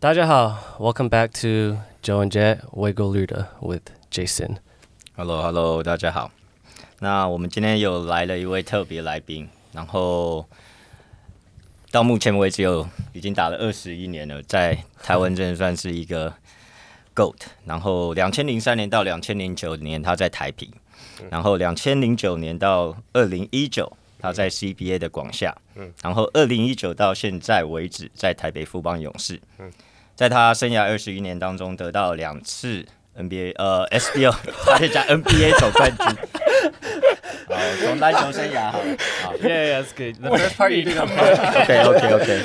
大家好，Welcome back to Joe and Jet w e g o l u d a with Jason。Hello，Hello，大家好。那我們今天有來了一位特別來賓，然後到目前為止有已經打了二十一年了，在台灣真的算是一個 GOAT。然後兩千零三年到兩千零九年他在台啤，mm. 然後兩千零九年到二零一九他在 CBA 的廣廈，mm. 然後二零一九到現在為止在台北富邦勇士。Mm. 在他生涯二十一年當中，得到兩次 NBA 呃 SBL，再加 NBA 總冠軍，好，從籃球生涯，好 Yeah, that's good. OK OK OK。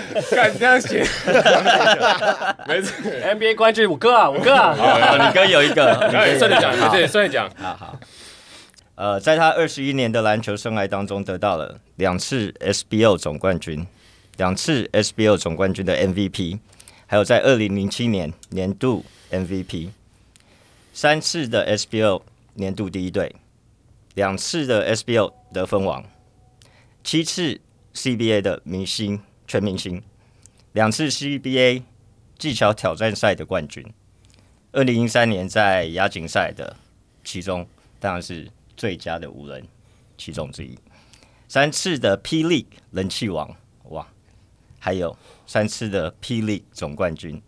沒錯，NBA 冠軍我哥啊，我哥啊，好，你哥有一個，你哥算一獎，對，算一獎，好好。呃，在他二十一年的籃球生涯當中，得到了兩次 SBL 總冠軍，兩次 SBL 總冠軍的 MVP。還有在二零零七年年度 MVP，三次的 SBL 年度第一隊，兩次的 SBL 得分王，七次 CBA 的明星全明星，兩次 CBA 技巧挑戰賽的冠軍，二零零三年在亞錦賽的其中當然是最佳的五人其中之一，三次的霹靂人氣王。還有三次的 P League 總冠軍，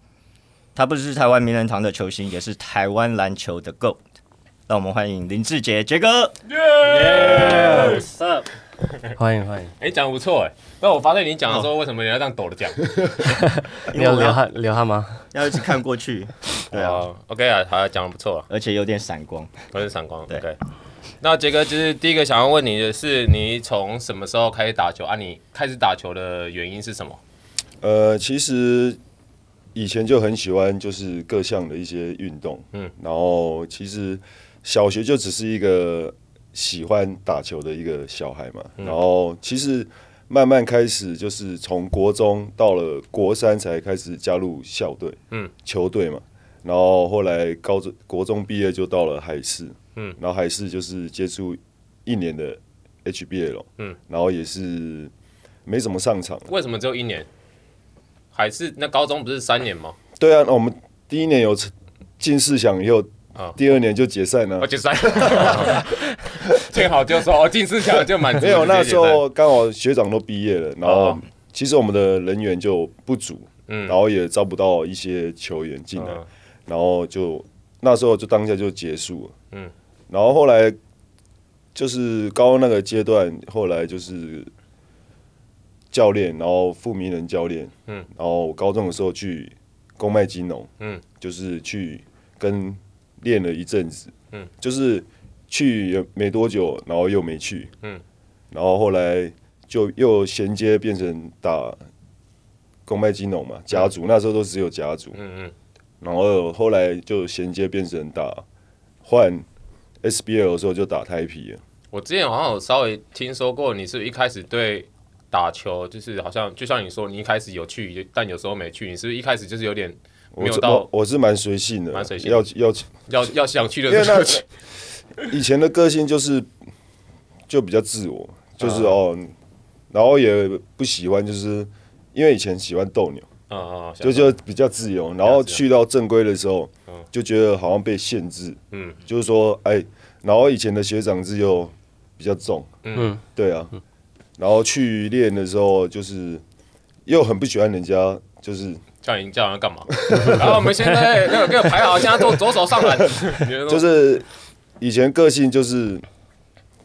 他不只是台灣名人堂的球星，也是台灣籃球的 GOAT。讓我們歡迎林志傑傑哥，歡迎歡迎。哎，講、欸、不錯哎。那我發現你講的時候，為什麼你要這樣抖着講？Oh. 你要流汗，流汗 嗎？要一直看過去。對啊。Oh, OK 啊，好啊，講的不錯、啊、而且有點閃光，有點閃光，對。Okay. 那傑哥，就是第一個想要問你的是，你從什麼時候開始打球啊？你開始打球的原因是什麼？呃，其實以前就很喜歡，就是各項的一些運動，嗯。然後其實小學就只是一個喜歡打球的一個小孩嘛。嗯、然後其實慢慢開始，就是從國中到了國三才開始加入校隊，嗯，球隊嘛。然後後來高中國中畢業就到了海事。嗯，然後還是就是接觸一年的 HBL，嗯，然後也是沒怎麼上場。為什麼只有一年？還是那高中不是三年嗎？對啊，我們第一年有進四強以後，第二年就解散了。解散，最好就說進四強就滿足。沒有，那時候剛好學長都畢業了，然後其實我們的人員就不足，嗯，然後也招不到一些球員進來，然後就那時候就當下就結束了，嗯。然後後來就是高那個階段，後來就是教練，然後富名人教練，嗯，然後高中的時候去公賣金龍，嗯，就是去跟練了一陣子，嗯，就是去也沒多久，然後又沒去，嗯，然後後來就又銜接變成打公賣金龍嘛，甲、嗯、組，那時候都只有甲組，嗯嗯，嗯，然後後來就銜接變成打換。SBL 有時候就打台啤了。我之前好像有稍微聽說過，你是，是一開始對打球就是好像就像你說，你一開始有去，但有時候沒去。你是不是一開始就是有點沒有到？我，我，我是蠻隨性的，蠻隨性的要，要要要要想去的，就去，那個。以前的個性就是就比較自我，就是哦，嗯、然後也不喜歡，就是因為以前喜歡鬥牛。啊啊！哦，好好就就比較自由，嗯、然後去到正規的時候，嗯、就覺得好像被限制。嗯，就是說，哎、欸，然後以前的學長自又比較重。嗯，對啊。嗯、然後去練的時候，就是又很不喜歡人家，就是叫人叫人幹嘛？ 然後我們現在這個排好，現在做左手上籃， 就是以前個性就是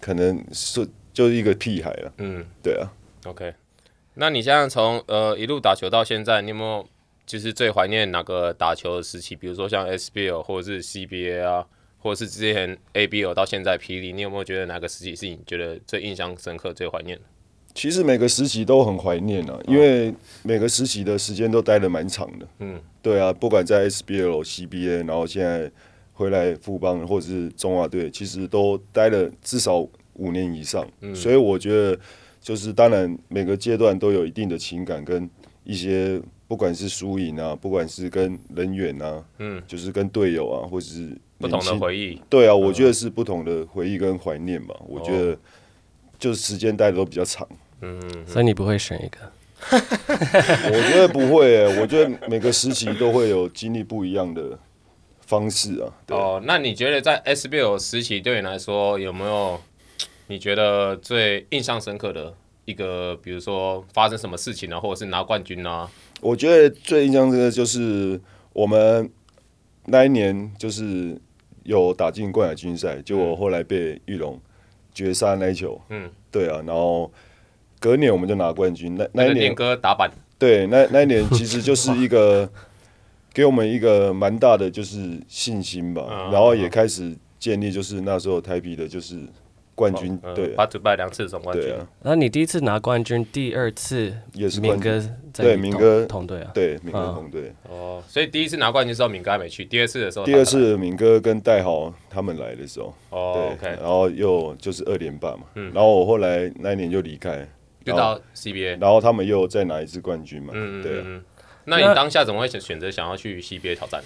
可能是就是一個屁孩了。嗯，對啊。OK。那你現在從呃一路打球到現在，你有沒有就是最懷念哪個打球的時期？比如說像 SBL 或者是 CBA 啊，或者是之前 ABL 到現在的 P. LEAGUE，你有沒有覺得哪個時期是你覺得最印象深刻、最懷念的？其實每個時期都很懷念啊，因為每個時期的時間都待了蠻長的。嗯，對啊，不管在 SBL、CBA，然後現在回來富邦或者是中華隊，其實都待了至少五年以上。嗯，所以我覺得。就是當然，每個階段都有一定的情感跟一些，不管是輸贏啊，不管是跟人員啊，嗯，就是跟隊友啊，或者是不同的回憶。對啊，我覺得是不同的回憶跟懷念嘛。我覺得就是時間待的都比較長。嗯，所以你不會選一個？我覺得不會，欸，我覺得每個時期都會有經歷不一樣的方式啊。哦，那你覺得在 SBL 時期對你來說有沒有？你覺得最印象深刻的一個，比如說發生什麼事情啊，或者是拿冠軍呢？啊？我覺得最印象深的就是我們那一年就是有打進冠亞軍賽，結果、嗯、後來被裕隆絕殺那一球。嗯，對啊，然後隔年我們就拿冠軍。那那一年哥打板。對，那那一年其實就是一個給我們一個蠻大的就是信心吧，嗯、然後也開始建立就是那時候台啤的，就是。冠軍對，把主辦兩次總冠軍。那你第一次拿冠軍，第二次也是敏哥對敏哥同隊啊？對，敏哥同隊。哦，所以第一次拿冠軍的時候，敏哥還沒去。第二次的時候，第二次敏哥跟戴豪他們來的時候，對，然後又就是二連霸嘛。嗯，然後我後來那一年就離開，就到 CBA。然後他們又再拿一次冠軍嘛。嗯嗯嗯。對。那你當下怎麼會選選擇想要去 CBA 挑戰？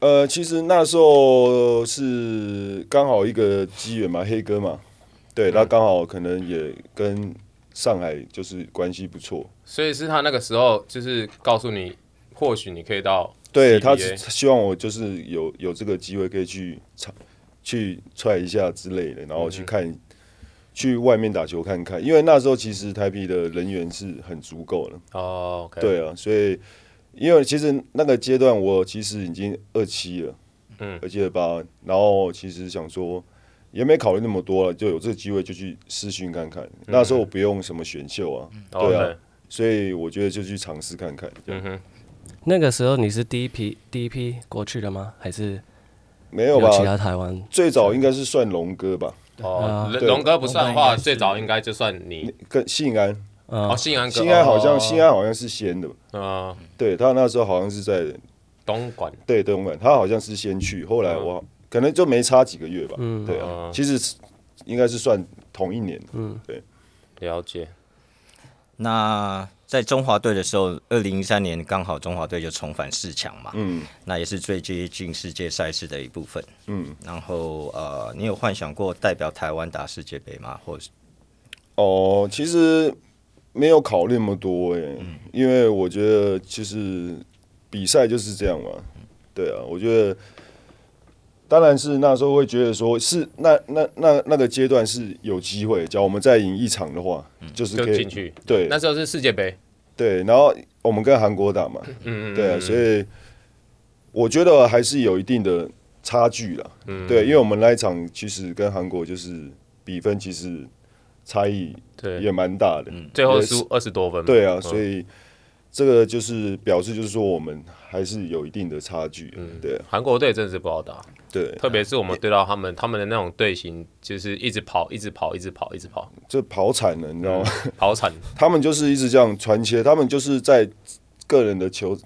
呃，其實那時候是剛好一個機緣嘛，黑哥嘛。對，那剛好可能也跟上海就是關係不錯，所以是他那個時候就是告訴你，或許你可以到。對，他希望我就是有有這個機會可以去去踹一下之類的，然後去看、嗯、去外面打球看看，因為那時候其實台啤的人員是很足夠的哦。Okay、對啊，所以因為其實那個階段我其實已經二七了，嗯，二七二八，然後其實想說。也沒考慮那麼多了，就有這個機會就去試訓看看。那時候我不用什麼選秀啊，對啊，所以我覺得就去嘗試看看。嗯哼。那個時候你是第一批第一批過去的嗎？還是沒有吧？其他台灣最早應該是算龍哥吧？哦，龍哥不算的話，最早應該就算你跟信安。哦，信安哥，信安好像信安好像是先的。啊，對他那時候好像是在東莞。對，東莞，他好像是先去，後來我。可能就沒差幾個月吧，嗯，對啊，啊其實應該是算同一年。嗯，對，了解。那在中華隊的時候，二零一三年剛好中華隊就重返四強嘛，嗯，那也是最接近世界賽事的一部分。嗯，然後呃，你有幻想過代表台灣打世界杯嗎？或是？哦、呃，其實沒有考慮那麼多誒、欸，嗯、因為我覺得其實比賽就是這樣嘛。對啊，我覺得。當然是那時候會覺得，說是那那那那個階段是有機會，只要我們再贏一場的話，嗯、就是可以進去。對，那時候是世界杯。對，然後我們跟韓國打嘛。嗯嗯，嗯，嗯對、啊，所以我覺得還是有一定的差距了。嗯。對，因為我們那一場其實跟韓國就是比分其實差異也蠻大的，嗯、最後輸二十多分。對啊，所以這個就是表示，就是說我們還是有一定的差距。嗯。對、啊，韓國隊真的是不好打。對，特別是我們對到他們，欸、他們的那種隊形就是一直跑，一直跑，一直跑，一直跑，就跑慘了，你知道嗎？嗯、跑慘，他們就是一直這樣傳切，他們就是在個人的球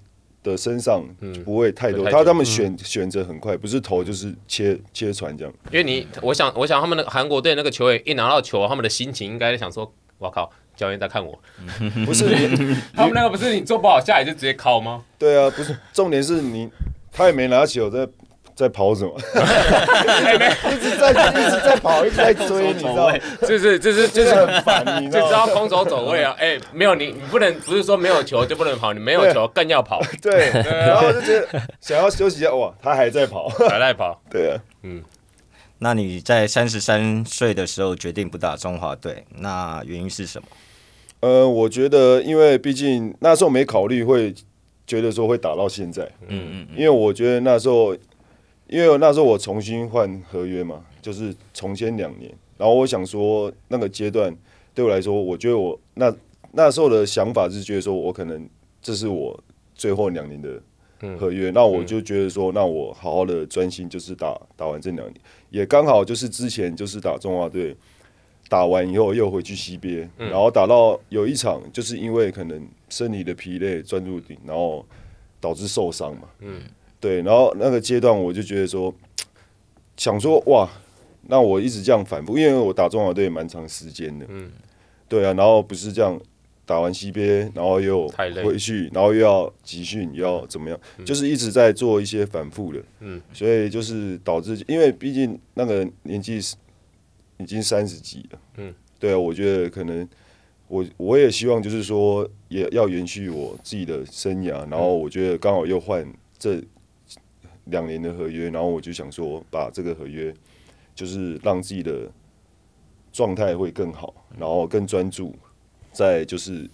的身上不會太多，他、嗯、他們選、嗯、選擇很快，不是投就是切、嗯、切傳這樣。因為你，我想，我想他們那個韓國隊那個球員一拿到球，他們的心情應該在想說，我靠，教練在看我， 不是，你他們那個不是你做不好下來就直接靠嗎？對啊，不是，重點是你他也沒拿球在。在跑什麼？沒，一直在一直在跑，一直在追，你知道？就是就是就是很煩，你知道？空手走位啊！哎，沒有你，你不能不是說沒有球就不能跑，你沒有球更要跑。對，然後就是想要休息一下，哇，他還在跑，還在跑。對啊，嗯。那你在三十三歲的時候決定不打中華隊，那原因是什麼？呃，我覺得因為畢竟那時候沒考慮，會覺得說會打到現在。嗯嗯，因為我覺得那時候。因為那時候我重新換合約嘛，就是重簽兩年。然後我想說，那個階段對我來說，我覺得我那那時候的想法是，覺得說我可能這是我最後兩年的合約。嗯、那我就覺得說，嗯、那我好好的專心，就是打打完這兩年，也剛好就是之前就是打中華隊，打完以後又回去西邊，嗯、然後打到有一場，就是因為可能身體的疲累、專注度，然後導致受傷嘛。嗯。對，然後那個階段我就覺得說，想說哇，那我一直這樣反覆，因為我打中華隊也蠻長時間的，嗯，對啊，然後不是這樣打完 CBA，然後又回去，累然後又要集訓，又要怎麼樣，嗯、就是一直在做一些反覆的，嗯，所以就是導致，因為畢竟那個年紀已經三十幾了，嗯，對啊，我覺得可能我我也希望就是說也要延續我自己的生涯，嗯、然後我覺得剛好又換這。兩年的合約，然後我就想說，把這個合約就是讓自己的狀態會更好，然後更專注在就是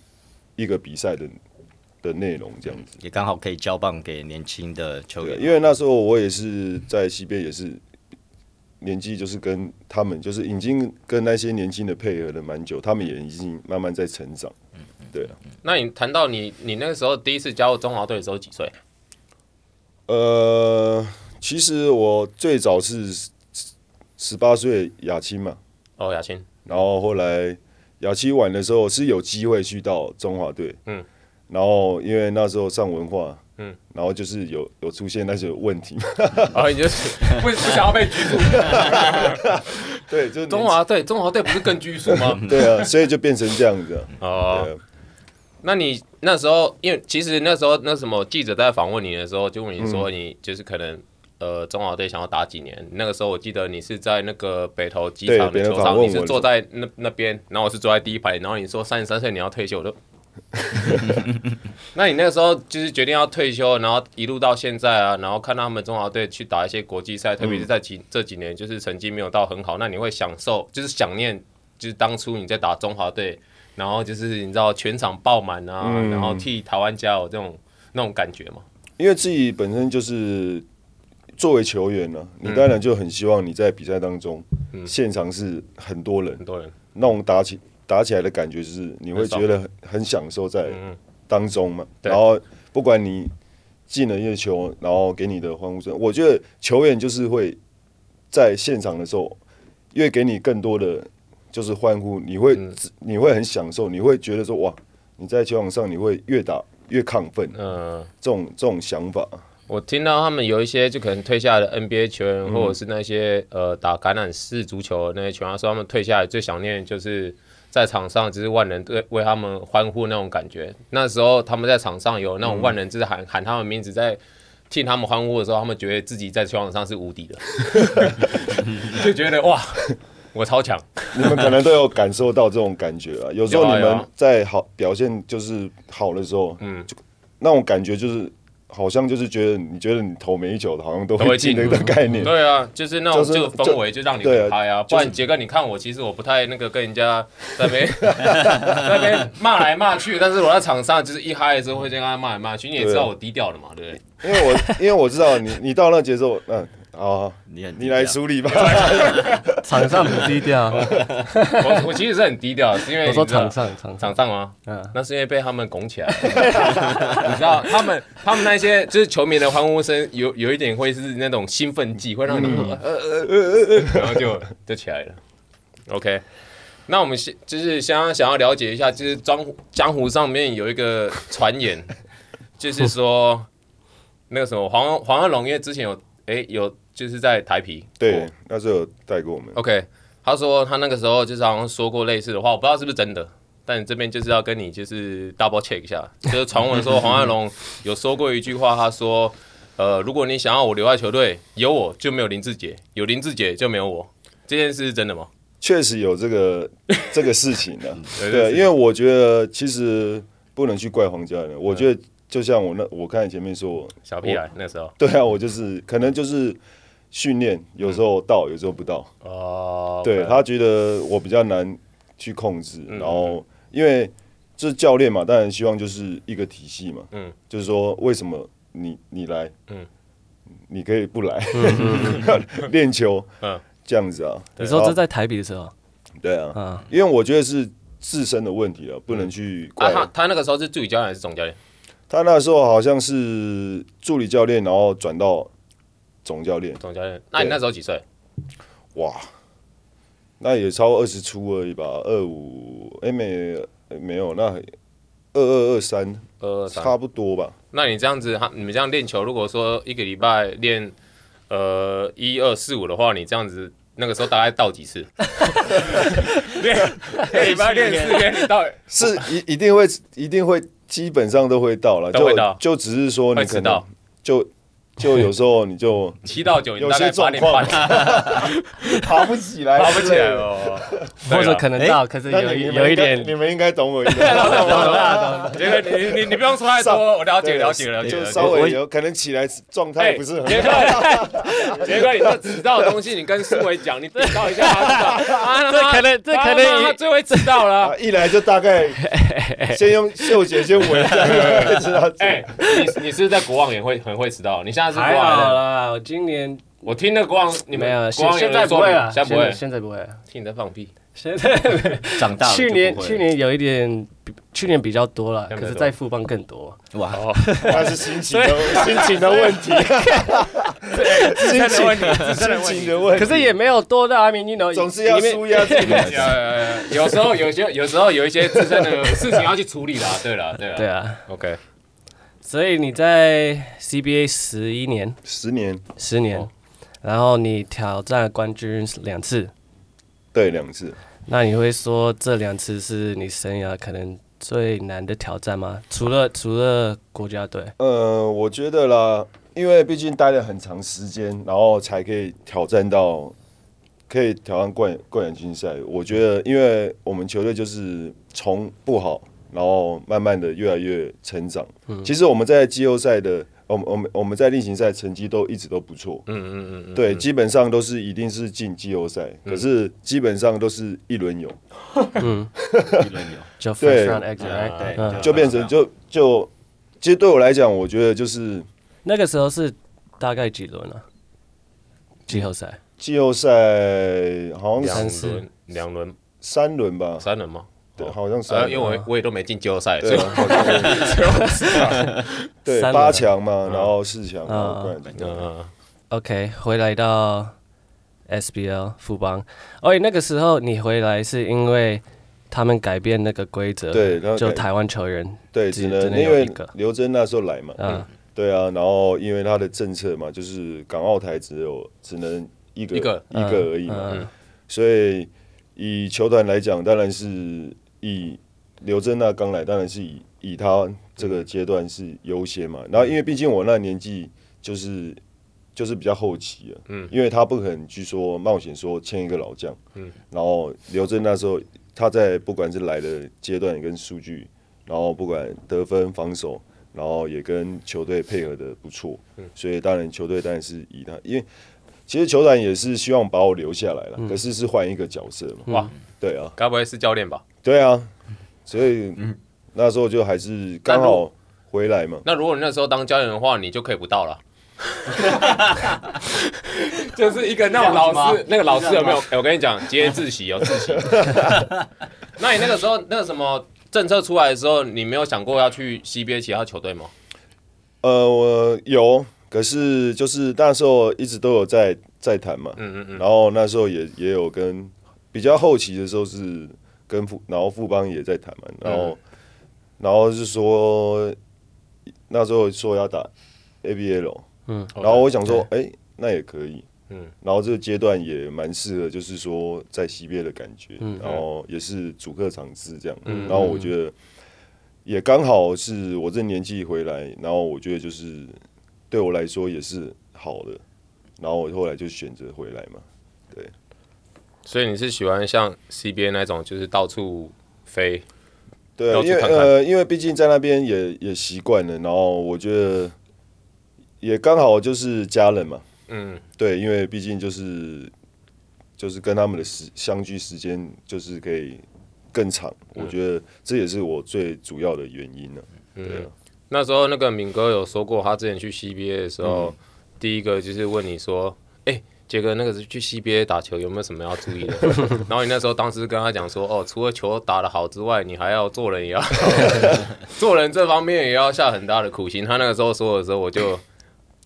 一個比賽的的內容，這樣子也剛好可以交棒給年輕的球員。因為那時候我也是在西邊，也是年紀就是跟他們就是已經跟那些年輕的配合了蠻久，他們也已經慢慢在成長。對啊。那你談到你你那個時候第一次加入中華隊的時候幾歲？呃，其實我最早是十八歲亞青嘛，哦亞青，雅然後後來亞青完的時候是有機會去到中華隊，嗯，然後因為那時候上文化，嗯，然後就是有有出現那些問題，啊、哦， 你就是不，不想要被拘束，對，就是中華隊，中華隊不是更拘束嗎？ 對啊，所以就變成這樣子啊。哦哦那你那時候，因為其實那時候那什麼記者在訪問你的時候，就問你說，你就是可能、嗯、呃中華隊想要打幾年？那個時候我記得你是在那個北投機場的球場，你是坐在那那邊，然後我是坐在第一排，i, 然後你說三十三歲你要退休，我就。那你那個時候就是決定要退休，然後一路到現在啊，然後看他們中華隊去打一些國際賽，特別是在幾、嗯、這幾年就是成績沒有到很好，那你會享受就是想念，就是當初你在打中華隊。然後就是你知道全場爆滿啊，嗯、然後替台灣加油這種那種感覺嘛。因為自己本身就是作為球員呢、啊，你當然就很希望你在比賽當中現場是很多人、嗯嗯、很多人那種打起打起來的感覺，就是你會覺得很很享受在當中嘛。嗯嗯、對然後不管你進了一個球，然後給你的歡呼聲，我覺得球員就是會在現場的時候，越給你更多的。就是歡呼，你會，嗯、你會很享受，你會覺得說哇，你在球場上你會越打越亢奮。嗯、呃，這種這種想法，我聽到他們有一些就可能退下來的 NBA 球員，嗯、或者是那些呃打橄欖式足球的那些球員說，他，他們退下來最想念就是在場上就是萬人對為他們歡呼的那種感覺。那時候他們在場上有那種萬人之喊、嗯、喊他們名字在替他們歡呼的時候，他們覺得自己在球場上是無敵的， 就覺得哇。我超強， 你們可能都有感受到這種感覺啊。有時候你們在好表現就是好的時候，嗯、啊啊，那種感覺就是好像就是覺得你覺得你投每一球好像都會進的一個概念。對啊，就是那種這個、就是、氛圍就讓你很嗨啊。啊不然傑哥，你看我，其實我不太那個跟人家在那邊、就是、 那邊罵來罵去，但是我在場上就是一嗨的時候會這樣罵來罵去。你也知道我低調的嘛，對不對？對啊、因為我因為我知道你你到那節奏，嗯。哦，oh, 你你來梳理吧。 場上很低調， 我我其實是很低調，是因為說場上場上場上嗎？嗯、那是因為被他們拱起來了。 你知道，他們他們那些就是球迷的歡呼聲，有有一點會是那種興奮劑，會讓你，嗯、然後就就起來了。OK，那我們先就是想要想要了解一下，就是江湖江湖上面有一個傳言， 就是說那個什麼黃黃鶴龍，因為之前有誒、欸、有。就是在台啤對，oh. 那時候帶過我們。OK，他說他那個時候就是好像說過類似的話，我不知道是不是真的，但你這邊就是要跟你就是 double check 一下，就是傳聞說黃萬隆有說過一句話， 他說：“呃，如果你想要我留在球隊，有我就沒有林志杰；有林志杰就沒有我。”這件事是真的嗎？確實有這個這個事情的、啊， 對， 因為我覺得其實不能去怪黃家人，嗯、我覺得就像我那我看你前面說小屁孩我那時候，對啊，我就是可能就是。訓練有時候到，有時候不到啊。對，他覺得我比較難去控制，然後因為這教練嘛，當然希望就是一個體系嘛。嗯，就是說為什麼你你來，嗯，你可以不來練球，嗯，這樣子啊。你說這在台北的時候？對啊，因為我覺得是自身的問題了，不能去怪他。他那個時候是助理教練還是總教練？他那時候好像是助理教練，然後轉到。總教練，總教練，那你那時候幾歲？哇，那也超過二十出而已吧，二五、欸，哎沒、欸、沒有，那二二二三，二二三，差不多吧。那你這樣子，你們這樣練球，如果說一個禮拜練呃一二四五的話，你這樣子那個時候大概到幾次？一禮拜練四天你到，到是一一定會，一定會，基本上都會到了，會到就就只是說你可能就。就有時候你就七到九，有些狀況，爬不起來，爬不起來哦，或者可能到，可是有有一點，你們應該懂我一點，你你你不用說太多，我了解了解了解，就稍微有可能起來狀態不是很好。傑哥，你這遲到的東西，你跟思維講，你遲到一下，啊，這可能這可能他最會遲到了，一來就大概先用嗅覺先聞一下，你你是在國王也會很會遲到？你像。還好啦，我今年我聽得光，你沒有光，現在不會了，現在不會，現在不會了，聽你的放屁，現在長大了。去年去年有一點，去年比較多了，可是在富邦更多哇，那是心情，心情的問題，哈哈哈哈哈，心情，心情的問題。可是也沒有多到阿明，你都總是要有時候有些，有時候有一些自身的事情要去處理啦。對啦，對啦，對啊，OK。所以你在 CBA 十一年、十年、十年。哦，然後你挑戰冠軍兩次，對兩次。那你會說這兩次是你生涯可能最難的挑戰嗎？除了除了國家隊？呃，我覺得啦，因為畢竟待了很長時間，然後才可以挑戰到，可以挑戰冠冠軍賽。我覺得，因為我們球隊就是從不好。然後慢慢的越來越成長。其實我們在季後賽的，我我們我們在例行賽成績都一直都不錯。嗯嗯嗯，對，基本上都是一定是進季後賽，可是基本上都是一輪遊。嗯，一輪遊。就 f 對，就變成就就，其實對我來講，我覺得就是那個時候是大概幾輪啊？季後賽，季後賽好像是兩輪，兩輪，三輪吧？三輪嗎？對，好像是因為我我也都沒進季後賽，所以。對，八強嘛，然後四強。嗯嗯。OK，回來到 SBL 富邦，而且那個時候你回來是因為他們改變那個規則，對，就台灣球員對，只能因為劉錚那時候來嘛，嗯，對啊，然後因為他的政策嘛，就是港澳台只有只能一個一個一個而已嘛，所以以球團來講，當然是。以劉錚那剛來，當然是以以他這個階段是優先嘛。然後因為畢竟我那年紀就是就是比較後期了，嗯，因為他不可能去說冒險說簽一個老將，嗯，然後劉錚那時候他在不管是來的階段跟數據，然後不管得分、防守，然後也跟球隊配合的不錯，嗯，所以當然球隊當然是以他，因為其實球隊也是希望把我留下來了，可是是換一個角色嘛，哇，對啊，該不會是教練吧？對啊，所以、嗯、那時候就還是剛好回來嘛。那如果你那時候當教練的話，你就可以不到了。 就是一個那種老師，那個老師有沒有？欸、我跟你講，接自習有自習。那你那個時候，那個什麼政策出來的時候，你沒有想過要去 CBA 其他球隊嗎？呃，我有，可是就是那時候一直都有在在談嘛。嗯嗯嗯。然後那時候也也有跟比較後期的時候是。跟富，然後富邦也在談嘛、啊，然後，嗯、然後是說那時候說要打 ABL，嗯，然後我想說，哎、嗯，那也可以，嗯，然後這個階段也蠻適合，就是說在 CBA 的感覺，嗯，然後也是主客場制這樣，嗯，然後我覺得也剛好是我這年紀回來，嗯嗯、然後我覺得就是對我來說也是好的，然後我後來就選擇回來嘛，對。所以你是喜歡像 CBA 那種，就是到處飛，對，看看？因為呃，因為畢竟在那邊也也習慣了，然後我覺得也剛好就是家人嘛，嗯，對，因為畢竟就是就是跟他們的時相聚時間就是可以更長，嗯、我覺得這也是我最主要的原因呢、啊。嗯、對、啊，那時候那個敏哥有說過，他之前去 CBA 的時候，嗯、第一個就是問你說，哎、欸。杰哥，那個是去 CBA 打球，有沒有什麼要注意的？ 然後你那時候當時跟他講說，哦，除了球打得好之外，你還要做人也要、哦、 做人這方面也要下很大的苦心。他那個時候說的時候，我就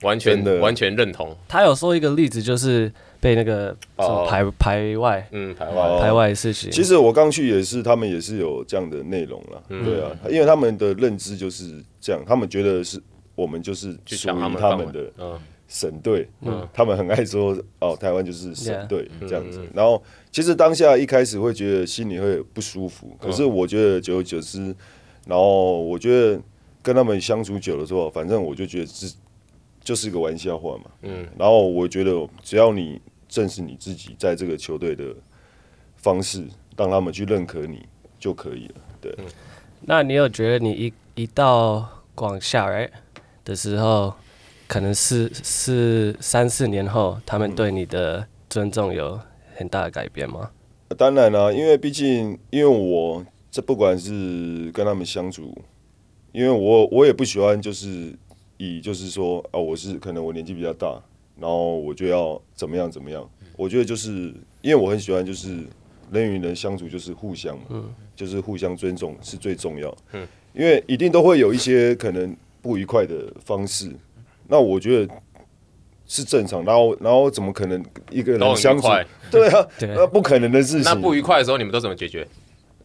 完全的完全認同。他有說一個例子，就是被那個什麼排、哦、排外，嗯，排外、哦、排外的事情。其實我剛去也是，他們也是有這樣的內容了。嗯、對啊，因為他們的認知就是這樣，他們覺得是、嗯、我們就是屬於他們的，們嗯。省隊，嗯，他們很愛說哦，台灣就是省隊這樣子。嗯、然後其實當下一開始會覺得心裡會不舒服，嗯、可是我覺得久而久之，然後我覺得跟他們相處久了之後，反正我就覺得這就是個玩笑話嘛，嗯。然後我覺得只要你正視你自己，在這個球隊的方式，讓他們去認可你就可以了。對，嗯、那你有覺得你一一到廣廈的時候？可能是是三四年後，他們對你的尊重有很大的改變嗎？嗯，當然了，啊，因為畢竟因為我這不管是跟他們相處，因為我我也不喜歡就是以就是說啊，我是可能我年紀比較大，然後我就要怎麼樣怎麼樣。嗯，我覺得就是因為我很喜歡就是人與人相處就是互相嘛，嗯，就是互相尊重是最重要。嗯，因為一定都會有一些可能不愉快的方式。那我覺得是正常，然後然後怎麼可能一個人相處？對啊，那不可能的事情。那不愉快的時候你們都怎麼解決？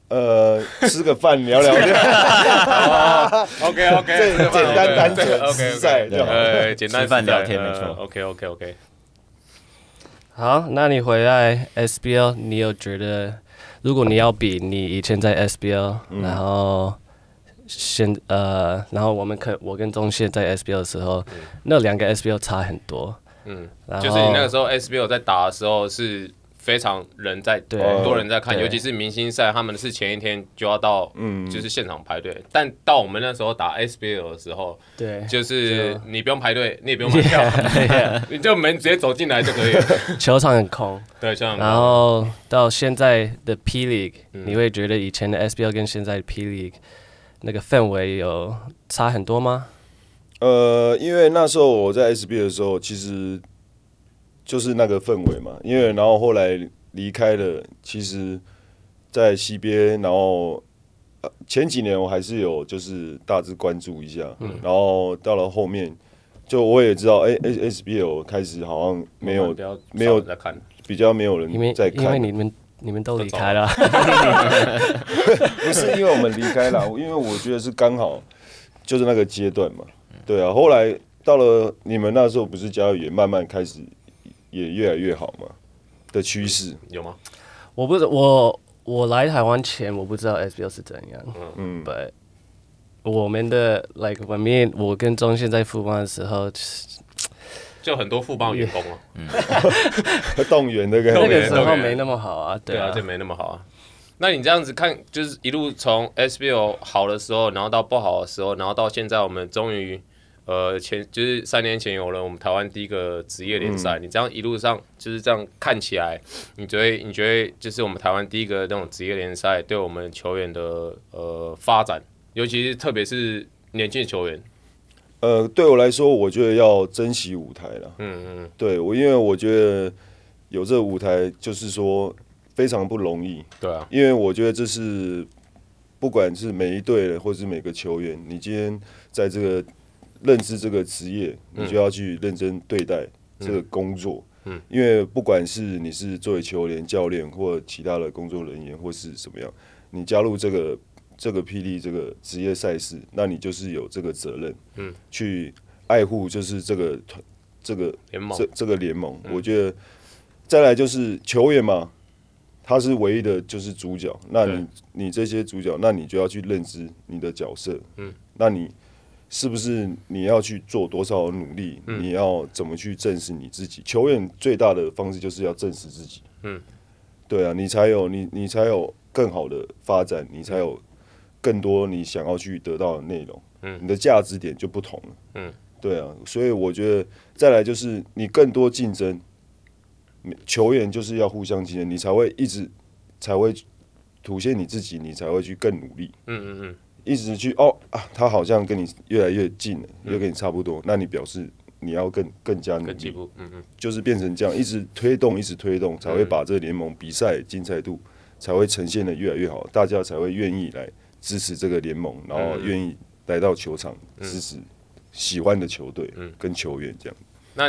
呃，吃個飯聊聊天。OK OK，這簡單單純 OK 在，呃，簡單飯聊天沒錯。OK OK OK。好，那你回來 SBL，你有覺得，如果你要比你以前在 SBL，然後。先呃，然後我們可我跟宗憲在 SBL 的時候，那兩個 SBL 差很多。嗯，就是你那個時候 SBL 在打的時候是非常人在對，很多人在看，尤其是明星賽，他們是前一天就要到，嗯，就是現場排隊。但到我們那時候打 SBL 的時候，對，就是你不用排隊，你也不用買票，你就門直接走進來就可以了。球場很空，對，球場。然後到現在的 P League，你會覺得以前的 SBL 跟現在的 P League。那個氛圍有差很多嗎？呃，因為那時候我在 SBL 的時候，其實就是那個氛圍嘛。因為然後後來離開了，其實，在 CBA，然後前幾年我還是有就是大致關注一下。嗯。然後到了後面，就我也知道，哎、欸，SBL 有開始好像沒有沒有在看，比較沒有人在看，因。因為你們。你們都離開了，找 不是因為我們離開了， 因為我覺得是剛好就是那個階段嘛。對啊，後來到了你們那時候，不是教育也慢慢開始也越來越好嗎？的趨勢有嗎？我不知道，我我來台灣前我不知道 SBL 是怎樣，嗯嗯，對，我們的 like 我們 I mean, 我跟忠憲在復光的時候。就很多富邦員工哦、啊，嗯、 動員 那個動員時候沒那麼好啊，對啊，就、啊、沒那麼好啊。那你這樣子看，就是一路從 SBL 好的時候，然後到不好的時候，然後到現在我們終於呃前就是三年前有了我們台灣第一個職業聯賽。你這樣一路上就是這樣看起來，你覺得你覺得就是我們台灣第一個那種職業聯賽，對我們球員的呃發展，尤其是特別是年輕球員。呃，對我來說，我覺得要珍惜舞台了、嗯。嗯嗯，對我，因為我覺得有這個舞台，就是說非常不容易。對啊，因為我覺得這是不管是每一隊，或者是每個球員，你今天在這個認識這個職業，嗯、你就要去認真對待這個工作。嗯，嗯因為不管是你是作為球員、教練，或其他的工作人員，或是怎麼樣，你加入這個。這個 PD 這個職業賽事，那你就是有這個責任，嗯，去愛護就是這個團這個聯盟。這這個聯盟，嗯、我覺得再來就是球員嘛，他是唯一的，就是主角。那你對你這些主角，那你就要去認知你的角色，嗯，那你是不是你要去做多少努力？嗯、你要怎麼去證實你自己？球員最大的方式就是要證實自己，嗯，對啊，你才有你你才有更好的發展，你才有、嗯。更多你想要去得到的內容，嗯，你的價值點就不同了，嗯，對啊，所以我覺得再來就是你更多競爭，球員就是要互相競爭，你才會一直才會凸顯你自己，你才會去更努力，嗯嗯嗯，嗯嗯一直去哦啊，他好像跟你越來越近了，又、嗯、跟你差不多，那你表示你要更更加努力，嗯嗯，嗯就是變成這樣，一直推動，一直推動，嗯、才會把這聯盟比賽精彩度、嗯、才會呈現得越來越好，大家才會願意來。嗯支持這個聯盟，然後願意來到球場支持喜歡的球隊跟球員這樣。嗯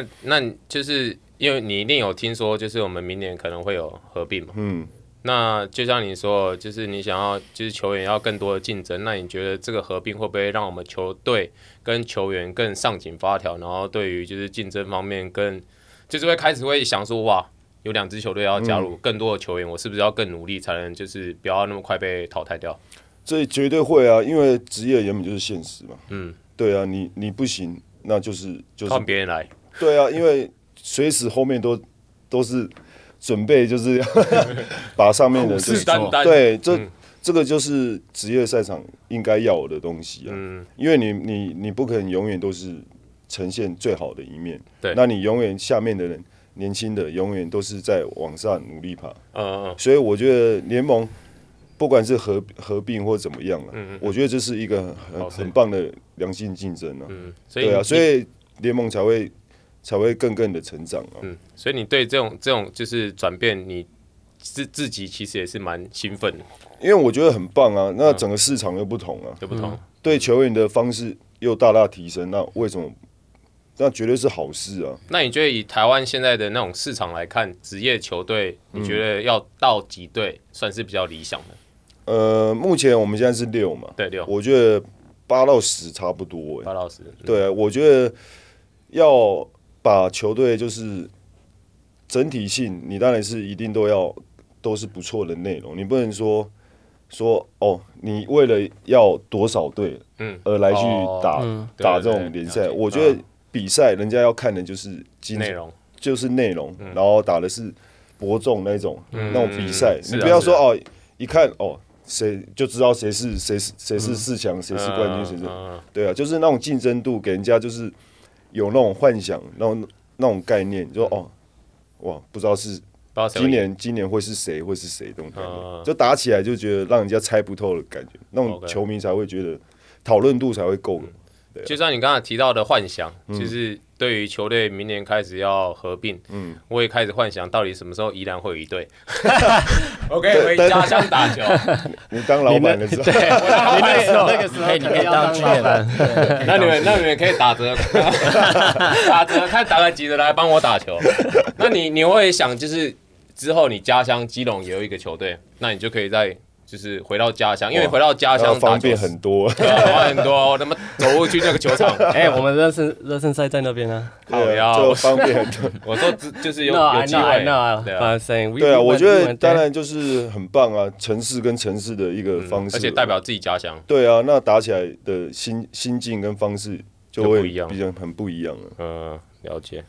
嗯、那那就是因為你一定有聽說，就是我們明年可能會有合併嘛。嗯。那就像你說，就是你想要，就是球員要更多的競爭。那你覺得這個合併會不會讓我們球隊跟球員更上緊發條？然後對於就是競爭方面跟，更就是會開始會想說，哇，有兩支球隊要加入，嗯、更多的球員，我是不是要更努力，才能就是不要那麼快被淘汰掉？這絕對會啊，因為職業原本就是現實嘛。嗯，對啊，你你不行，那就是就是換別人來。對啊，因為隨時後面都都是準備，就是 要把上面的人、就是、 虎視眈眈。對，這、嗯、這個就是職業賽場應該要的東西啊。嗯。因為你你你不可能永遠都是呈現最好的一面。對。那你永遠下面的人，年輕的永遠都是在往上努力爬。嗯嗯。所以我覺得聯盟。不管是合合併或怎麼樣了、啊，嗯、我覺得這是一個很很,很棒的良性競爭了、啊。嗯，所以對啊，所以聯盟才會才會更更的成長啊。嗯，所以你對這種這種就是轉變你，你自自己其實也是蠻興奮，的，因為我覺得很棒啊。那整個市場又不同啊，對、嗯、不同對球員的方式又大大提升，那為什麼？那絕對是好事啊。那你覺得以台灣現在的那種市場來看，職業球隊你覺得要到幾隊算是比較理想的？嗯呃，目前我們現在是六嘛？對，六。我覺得八到十差不多。八到十。對，我覺得要把球隊就是整體性，你當然是一定都要都是不錯的內容，你不能說說哦，你為了要多少隊，嗯，而來去打打這種聯賽。我覺得比賽人家要看的就是內容，就是內容，然後打的是伯仲那種那種比賽。你不要說哦，一看哦。誰就知道誰是誰是誰是四強，誰是冠軍，誰是……對啊，就是那種競爭度，給人家就是有那種幻想，那種那種概念，就哦，哇，不知道是今年今年會是誰，會是誰這種感覺，就打起來就覺得讓人家猜不透的感覺，那種球迷才會覺得討論度才會夠的。就像你剛才提到的幻想，就是。對於球隊明年開始要合併，嗯，我也開始幻想到底什麼時候宜蘭會有一隊。OK，回家鄉打球。 你當老闆的時候，對，那個時候你可以當老闆。 那你們那你們可以打折， 打折，看打了幾折來幫我打球。那你你會想就是之後你家鄉基隆也有一個球隊，那你就可以在。就是回到家鄉，因為回到家鄉方便很多，對，很多。我他媽走過去那個球場，哎，我們熱身熱身賽在那邊呢，對啊，就方便很多。我說就是有有機會。I know, I know. 對啊，我覺得當然就是很棒啊，城市跟城市的一個方式，而且代表自己家鄉。對啊，那打起來的心心境跟方式就會不一樣，比較很不一樣了。嗯，了解。